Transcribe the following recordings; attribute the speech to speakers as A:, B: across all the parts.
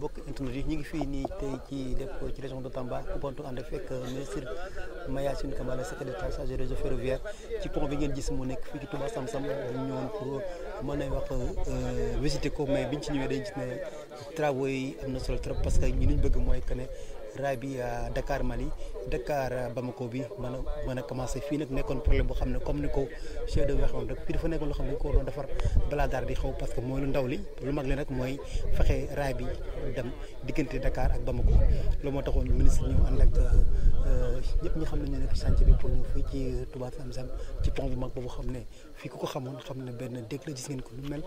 A: bokk internet yi ñu ngi fii nii tey ci def ci région de Tamba Koupantoum ànd fekk euh, ministre Mayacine Camara secrétaire chargé réseau ferroviaire ci pont bi ngeen gis mu nekk fii ci Touba Sam Sam ñu ñëwoon pour euh, mën nañ wax euh, visiter ko mais biñ ci ñëwee dañ gis ne travaux am na solo trop parce que ñu liñ bëgg mooy que ne raay bi euh, Dakar Mali Dakar euh, Bamako bi mën a mën a commencé fii nag nekkoon problème boo xam ne comme ni ko chef de waxoon rek fii dafa nekkoon loo xam ne dañ ko doon que mooy lu ndaw li lu mag nag mooy fexe raay bi dem diggante Dakar ak Bamako loolu moo taxoon ministre ñëw ànd ak euh, ñëpp ñi xam ne ñu nekk chantier bi pour ñu fii ci Touba Sam Sam ci pont bu mag boobu xam ne fii ko ko xamoon xam ne benn dégg la ko lu mel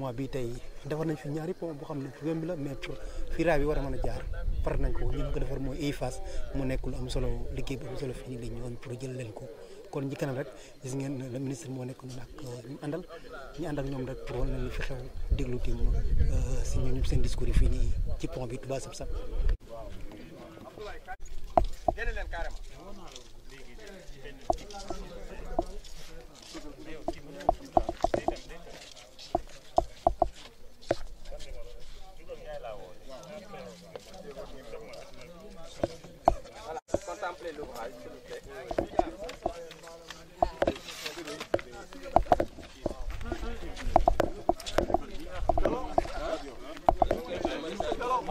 A: mois bi tey defar nañ fi ñaari pont boo xam ne problème bi la mais pour fi raay war a mën a jaar par nañ ko ñun ko defar mooy EIFAS mu nekk am solo liggéey bu am solo fii nii la ko kon ñi kanam rek gis ngeen le ministre moo nekk ñun ak ñu àndal ñoom rek pour wan leen fi xew déglu tim euh, si ñun seen discours yi fii nii ci pont bi Touba Sab Sab.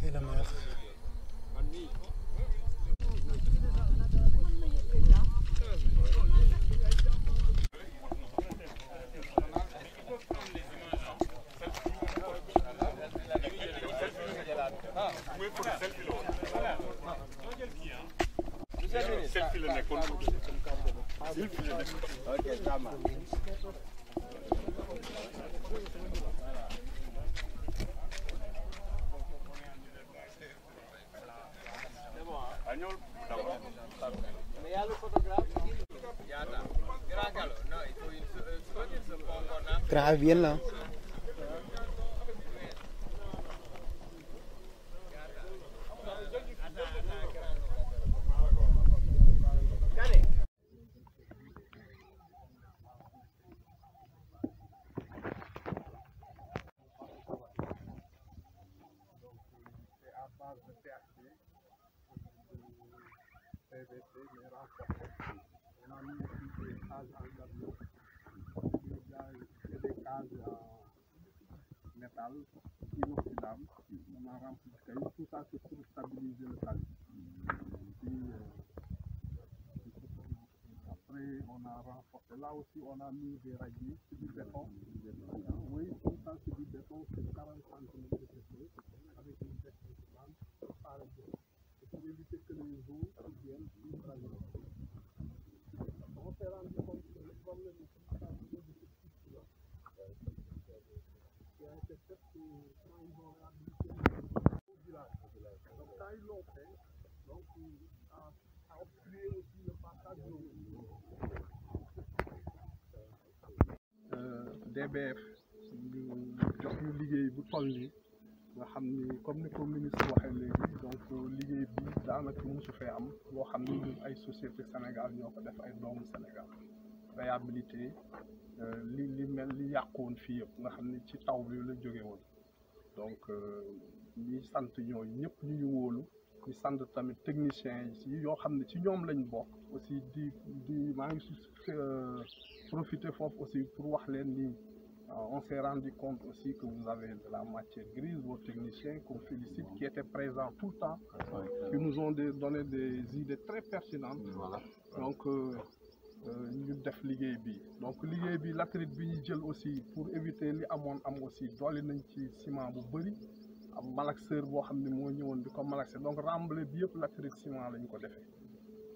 A: kilomètres. selfie la nekkoon trabaja bien la.
B: आज अंदर âge euh, métal ci wax ci daam
C: on a kay tout ça c'est pour stabiliser le tali euh, après on a renforcé là aussi on a mis des radiers c'est du béton oui tout ça c'est du béton c'est 40 centimètres de feu avec une veste de plante par jour et pour éviter que les eaux viennent sur la ABF ñu jox liggéey bu toll nii nga xam ne comme ni ko ministre waxee léegi donc liggéey bi daanaka mosu fee am loo xam ne ñun ay société Sénégal ñoo ko def ay doomu Sénégal réhabilité euh, li li mel li yàqoon fii yëpp nga xam ne ci taw bi la jóge woon donc euh, ñi sant ñooñu ñëpp ñu ñu wóolu ñu sant tamit technicien yi yoo xam ne ci ñoom lañu bokk aussi di di maa ngi si euh, profiter foofu aussi pour wax leen nii Euh, on s'est rendu compte aussi que vous avez de la matière grise, vos techniciens qu'on félicite, qui étaient présents tout le temps, qui nous ont donné des idées très pertinentes. Voilà. Donc, euh, euh, ñu def liggéey bi donc liggéey bi latérite bi ñu jël aussi pour éviter li amoon am aussi dolli nañ ci ciment bu bëri am malaxeur boo xam ne moo ñëwoon di ko malaxé donc remblai bi yëpp latérite ciment lañ ko defee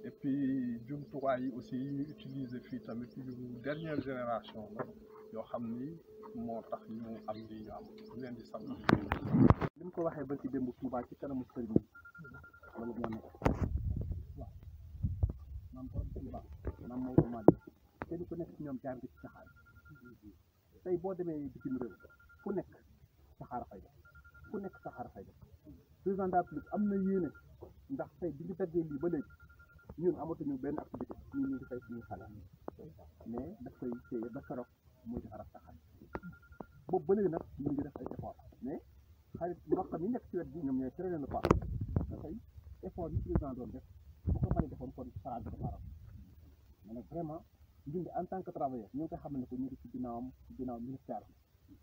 C: et puis jumtuwaay yi aussi yi ñu utiliser fii tamit yu dernière génération la yoo xam ni moo tax ñu am li ñu am ñu leen di sant li
B: mu ko waxee ba ci démb Touba ci kanamu sëriñ bi loolu moo nekk waaw maam borom Touba maam Maodo Malick kenn ku nekk ci ñoom jaar bi ci saxaar tey boo demee bitim réew ku nekk saxaar fay def ku nekk saxaar fay def président de la République am na yéene ndax tey bi ñu daggee lii ba léegi ñun amatuñu benn activité ñu ngi fay suñu xalaat mais daf koy téye ba keroog muy defar ak taxaw boobu ba léegi nag ñu ngi def ay effort mais xarit mboqam yi nekk ci wet bi ñoom ñooy traîner le pas dafay effort yi président doon def bu ko mën a defoon kon Faraas defaaram ma ne vraiment ñun en tant que travailleur ñu ngi koy xam ne ko ñu ngi ci ginnaawam ci ginnaaw ministère bi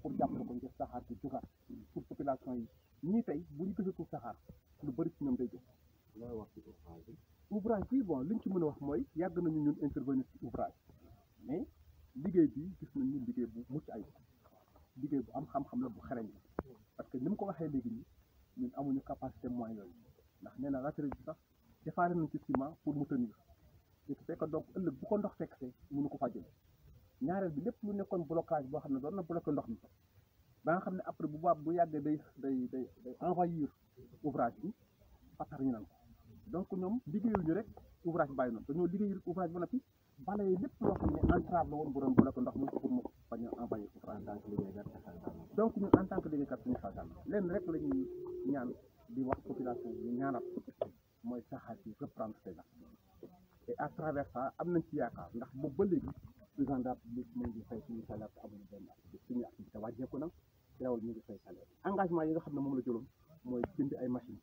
B: pour jàppale ko ngir saxaar ci jugaat pour population yi ñii tey bu ñu gisatul saxaar lu bëri ci ñoom day jóg. looy wax ci ouvrage bi. ouvrage bi bon ci mën a wax mooy yàgg nañu ñun intervenir ci ouvrage mais. liggéey bi gis nañ ni liggéey bu mucc ay liggéey bu am xam-xam la bu xereñ la parce que ni mu ko waxee léegi nii ñun amuñu capacité moyen yooyu ndax nee na raterie bi sax defaare nañ ci ciment pour mu tenir ce qui fait que donc ëllëg bu ko ndox fekk mu nu ko faa jël ñaareel bi lépp lu nekkoon blocage boo xam ne doon na bloqué ndox mi ba nga xam ne après bu baax bu yàggee day day day day envahir ouvrage bi fatar ñu nan ko donc ñoom liggéeyuñu rek ouvrage bàyyi noonu dañoo liggéey ouvrage ba noppi bala yi lépp loo xam ne entrave la woon bu doon bloqué ndox mi pour mu bañ a envoyé pour en tant que liggéeykat donc ñun en tant que liggéeykat la ñuy ñaan di wax population bi ñaanal mooy saxaar bi reprendre ses à travers ça am nañ ci yaakaar ndax boobu ba léegi président de la République mu ngi fay suñu salaire te amuñu benn activité suñu activité wàññeeku na teewul ñu ngi fay salaire engagement yi nga xam ne moom la jëloon mooy jënd ay machines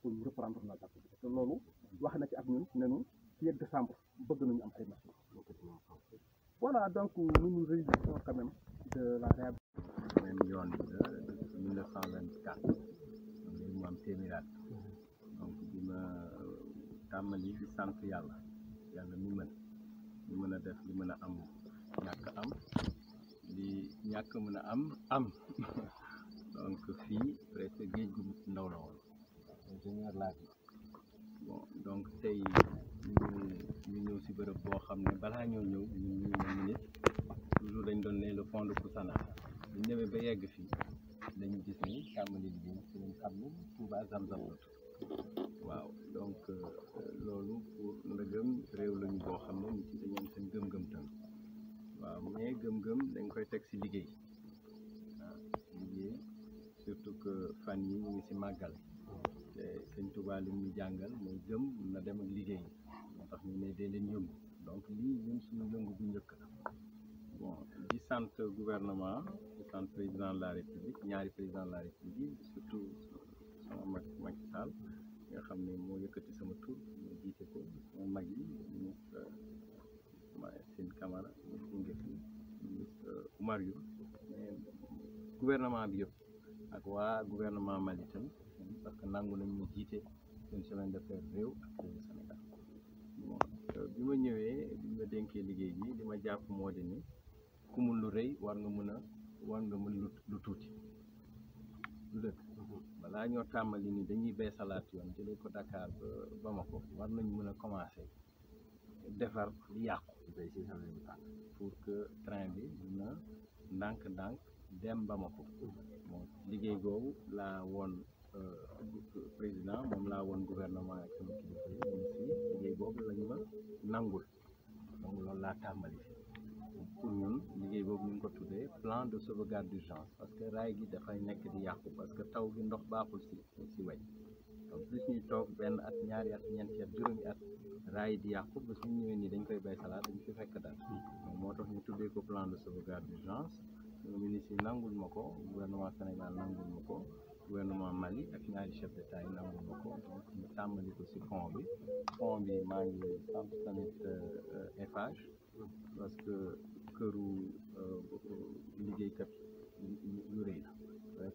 B: pour ñu reprendre nos activités loolu wax na ci ak ñun nenu ci décembre bëgg nañu am ay machine voilà donc nous nous réjouissons quand même de la réhabilitation même yoon de mille neuf cent
D: vingt tàmmali di sant yàlla yàlla mi mën li mën a def li mën a am ñàkk am li ñàkk mën a am am donc fii presque géej gu ndaw la woon ingénieur laa bon donc tey ñu ñëw si bërëb boo xam ne balaa ñoo ñëw ñu ñu ñu nit toujours dañ doon ne le fond de Koussanar ñu ñëwee ba yegg fii dañu gis ni tàmbali bi ci lañ xam ne Touba euh, loolu pour ndëgëm réew lañu xam ne nit gëm-gëm waaw mais gëm-gëm dañ koy teg si liggéey waaw liggéey ngi si màggal te li muy jàngal mooy gëm na dem ak liggéey tax ñu ne dee leen yëngu donc lii ñun suñu yëngu bu njëkk la bon di sant gouvernement di sant président de la république ñaari président de la république surtout sama mag Macky Sall nga xam ne moo yëkkati sama tur moo jiite ko sama mag yi ministre Sène Camara ministre Ngesi ministre Oumar Youm bi yëpp ak waa gouvernement Mali tam parce que nangu nañ ñu jiite une semaine de faire réew ak bi ma ñëwee bi ma dénkee liggéey bi li ma jàpp moo di ni ku mun lu rëy war nga mën a war nga mën lu tuuti lu dëkk mhm. balaa ñoo tàmbali ni dañuy beesalaat yoon jëlee ko Dakar ba ma ko war nañ mën a commencé defar li yàqu pour que train bi du a ndànk-ndànk dem ma ko mhm. liggéey googu laa woon Euh, euh, président moom laa woon gouvernement ak sama kilifa yi ñun si liggéey boobu lañu ma nangul donc loolu laa tàmbali pour ñun liggéey boobu ñu ko tuddee plan de sauvegarde d'urgence parce que raay gi dafay nekk di yàqu parce que taw bi ndox baaxul si si way donc plus ñuy benn at ñaari at ñeenti at juróomi at raay di yàqu ba suñu ñëwee nii dañ koy bay salaat dañ fi fekk daal moom moo tax ko plan de sauvegarde d'urgence ministre yi nangul ma ko gouvernement Sénégal nangul ma ko gouvernement Mali ak ñaari chef d'état yi nangu na ko donc ñu tàmbali ko si fond bi fond bi maa ngi sant tamit euh, Eiffage parce que këru euh, liggéeykat yu rëy la vrai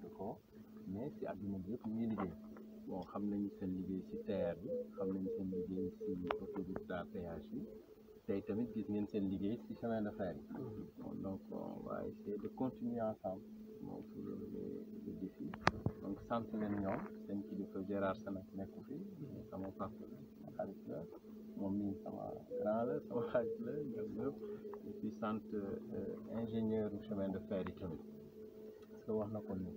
D: que ko mais si àdduna bi yëpp ñuy liggéey bon xam nañu seen liggéey si terre bi xam nañu si autoroute à péage bi tey tamit gis ngeen seen liggéey si chemin de fer yi et de continuer ensemble moom pour relever le défi donc sant seen kilifa Gérard Sana nekku fi sama papa la xarit la moom mii sama grand la sama xarit la ñoom ñëpp et puis sant euh, ingénieur du chemin de fer yi tamit parce wax na ko ni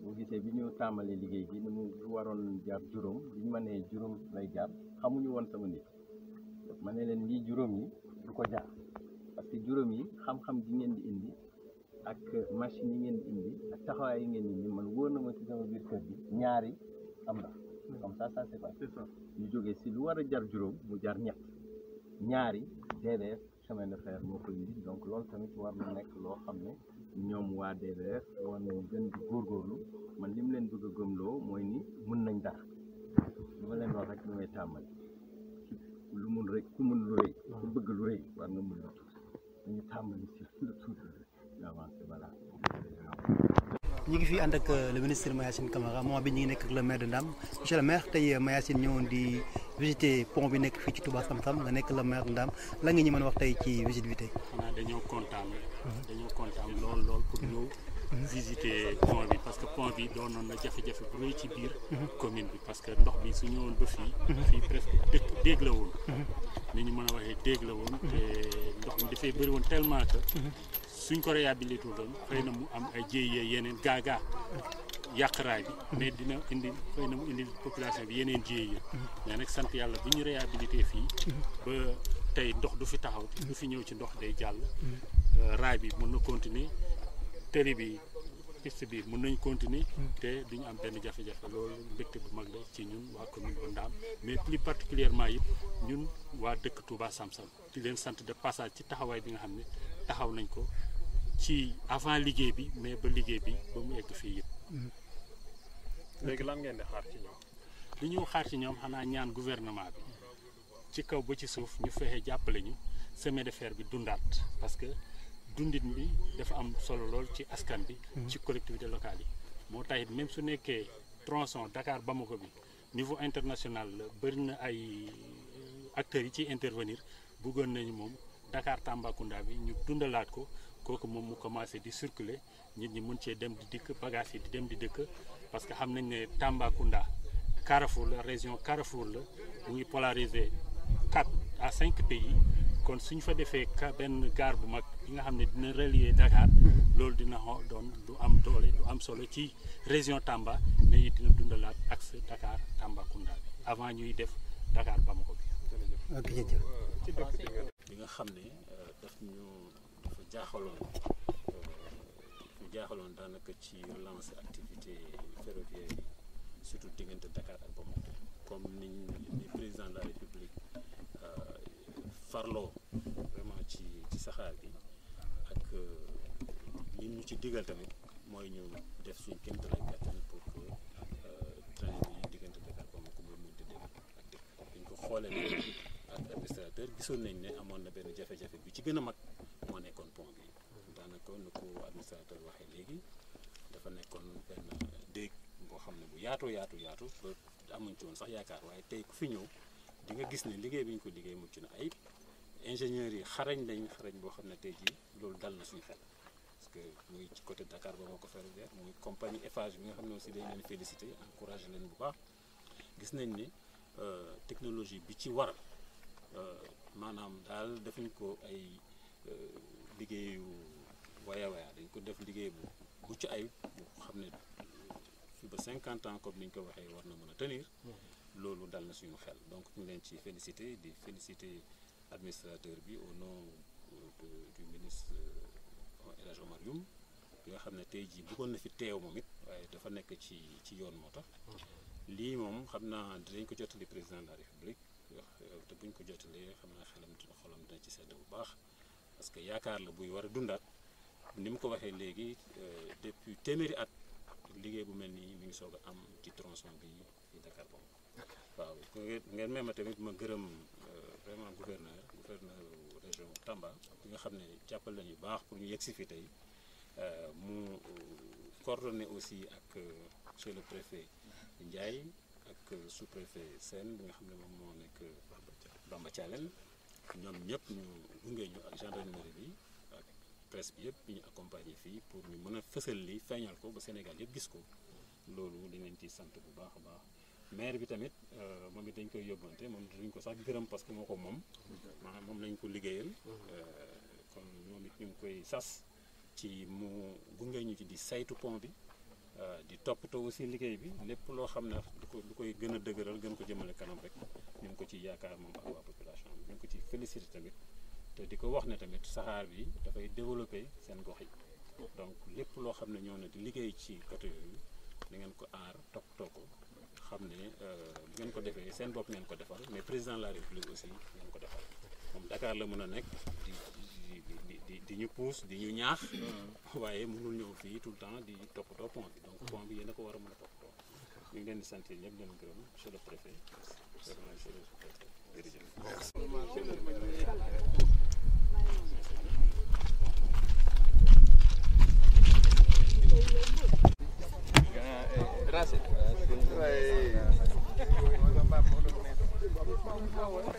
D: boo gisee bi ñu tàmbalee liggéey gi ni mu waroon jar juróom bi ñu ma nee juróom lay jar xamuñu woon sama nit ma ne leen lii juróom yi du ko jar parce que juróom yi xam-xam bi ngeen di indi ak machine yi ngeen indi ak taxawaay yi ngeen indi man wóor na ma ci sama biir kër bi ñaari am na hmm. ñu jógee si lu war a jar juróom mu jar ñett ñaari DDF chemin de fer moo koy indi donc loolu tamit war na nekk loo xam ne ñoom waa DDF war nañ gën man li mu leen bëgg a gëmloo mooy ni mun nañ dara lu ma leen wax rek lu may tàmbali lu mun rek ku mun lu rëy ku bëgg lu rëy war nga mun lu dañu tàmbali si lu tuuti
A: ñu ngi fi ànd ak euh, le ministre Mayacine Camara moment bi ñu ngi nekk ak le maire de Ndam monsieur le maire tey euh, Mayacine ñëwoon di visiter pont bi nekk fii ci Touba Sam Sam nga nekk le maire de Ndam la nga ñu mën a wax tey ci visite bi tey.
E: xanaa dañoo kontaan. lool lool pour ñëw. visiter pont bi parce que pont bi doonoon na jafe-jafe bu commune bi parce que ndox bi su ñëwoon ba fii fii presque dëkk déeg la woon ni ñu mën a waxee déeg la woon te ndox mi dafay bëri woon tellement que suñ ko réhabilité doon xëy na mu am ay jéyee yeneen gaagaa yàq raay bi mais dina indi xëy na mu indi population bi yeneen jéyee mais nag sant yàlla bu ñu réhabilité fii ba tey ndox du fi taxaw du fi ñëw ci ndox day jàll mm-hmm. euh, raay bi mën na continuer tëri bi piste bi mën nañ continuer te duñu am benn jafe-jafe loolu mbégte bu mag ci ñun waa commune bu Ndaam mais plus particulièrement it ñun waa dëkk Touba Samsam di leen sant de passage ci taxawaay bi nga xam ne taxaw nañ ko ci avant liggéey bi mais ba liggéey bi ba mu egg fii yëpp léegi lan ngeen di xaar li ñu xaar ci ñoom xanaa ñaan gouvernement bi ci kaw ba ci suuf ñu fexe jàppale ñu chemin de fer bi dundaat parce dundin bi dafa am solo lool ci askan bi mhm. ci collectivité locale yi moo taxit même su nekkee tronçon dakaar Bamako bi niveau international bëri na ay euh, acteurs yi ci intervenir bëggoon nañu moom dakaar Tambacounda bi ñu dundalaat ko kooku moom mu commencé di circuler nit ñi mun cee dem di dikk bagages yi di dem di dëkk parce que xam nañ ne Tambacounda Carrefour la région Carrefour la mu ngi polariser 4 à 5 pays kon suñ fa defee benn gare bu mag bi nga xam ne dina relier dakaar mm-hmm. loolu dina xoo doon lu am doole lu am solo ci région Tamba mais it dina dundalaat axe Dakar Tambacounda avant ñuy def Dakar Bamako bi. ok jërëjëf. bi nga xam ne euh, daf ñu dafa jaaxaloon ñu euh, jaaxaloon daanaka ci relancer activité ferroviaire yi surtout diggante Dakar ak Bamako comme ni ni président de la République euh, farloo vraiment ci ci saxaar bi. li ñu ci digal tamit mooy ñu def suñ kéem tolluwaay pour que euh, train bi diggante Dakar ba mu ko mën a tëddee ak dëkk bi ko xoolee ak administrateur gisoon nañ ne amoon na benn jafe-jafe bi ci gën a mag moo nekkoon pont bi daanaka nu ko administrateur waxee léegi dafa nekkoon benn dégg boo xam ne bu yaatu yaatu yaatu ba amuñ ci woon sax yaakaar waaye tey ku fi ñëw di nga gis ne liggéey bi ñu ko liggéey mucc na ayib. ingénieurs yi xarañ lañu xarañ boo xam ne tey jii loolu dal na suñu xel parce que muy ci côté Dakar ba moo ko ferroviaire muy compagnie Eiffage bi nga xam ne aussi dañ leen félicité encouragé leen bu baax gis nañ ni euh, technologie bi ci war euh, maanaam daal defuñ ko ay euh, liggéeyu waya waya dañ ko def liggéey bu mucc ayib bu xam ne fii ba cinquante ans comme ni ñu ko waxee war na mën a tenir mm-hmm. loolu dal na suñu xel donc ñu leen ci félicité di félicité administrateur bi au nom de euh, du ministre euh, El Hadj Omar bi nga xam ne tey jii bëggoon na fi teew moom it waaye dafa nekk ci ci yoon moo tax lii moom xam naa dinañ ko jottali président de la république euh, te buñ ko jottalee xam naa xelam xolam dina ci sedd bu baax parce que yaakaar la buy war a dundaat ni mu ko waxee léegi depuis téeméeri at liggéey bu mel nii mi ngi soog a am ci tronçon bi Dakar boobu waaw ngeen may tamit ma gërëm vraiment gouverneur gouverneur région Tamba bi nga xam ne jàppale nañu baax pour ñu yegsi fi tey euh, mu coordonné aussi ak euh, monsieur le préfet Ndiaye ak euh, sous-préfet Sène bi nga xam ne moom moo nekk Bamba Thialène ñoom ñëpp ñu gunge ñu ak gendarmerie bi ak presse yëpp ñu accompagner fii pour ñu mën a fësal li feeñal ko ba Sénégal yëpp gis ko loolu dinañ ci sant bu baax a baax maire bi tamit euh, moom it dañ koy yóbbante moom duñ ko sax gërëm parce que moo ko moom maanaam moom lañ ko liggéeyal euh, kon moom it ñu ngi koy sas ci mu gungee ñu ci di saytu pont bi euh, di toppatoo aussi liggéey bi lépp loo xam ne du ko du koy gën a dëgëral gën ko jëmale kanam rek ñu ngi ko ci yaakaar moom ak a population bi ñu ngi ko ci félicité tamit te di ko wax ne tamit saxaar bi dafay développé seen gox yi donc lépp loo xam ne ñoo na di liggéey ci côté yooyu da ngeen ko aar toppatoo ko xam ne bu euh, ngeen ko defee seen bopp ngeen ko defal mais président de la république aussi ngeen ko defal moom la mën a nekk di di di di ñu pousse di ñu ñaax. Mm. waaye mënul ñëw fii tout le temps di toppatoo pont bi donc pont bi yéen a ko war a mën a toppatoo ñu ngi leen di sant ñëpp leen gërëm monsieur le préfet monsieur le préfet jërëjëf. Yeah, Gracias. Gracias.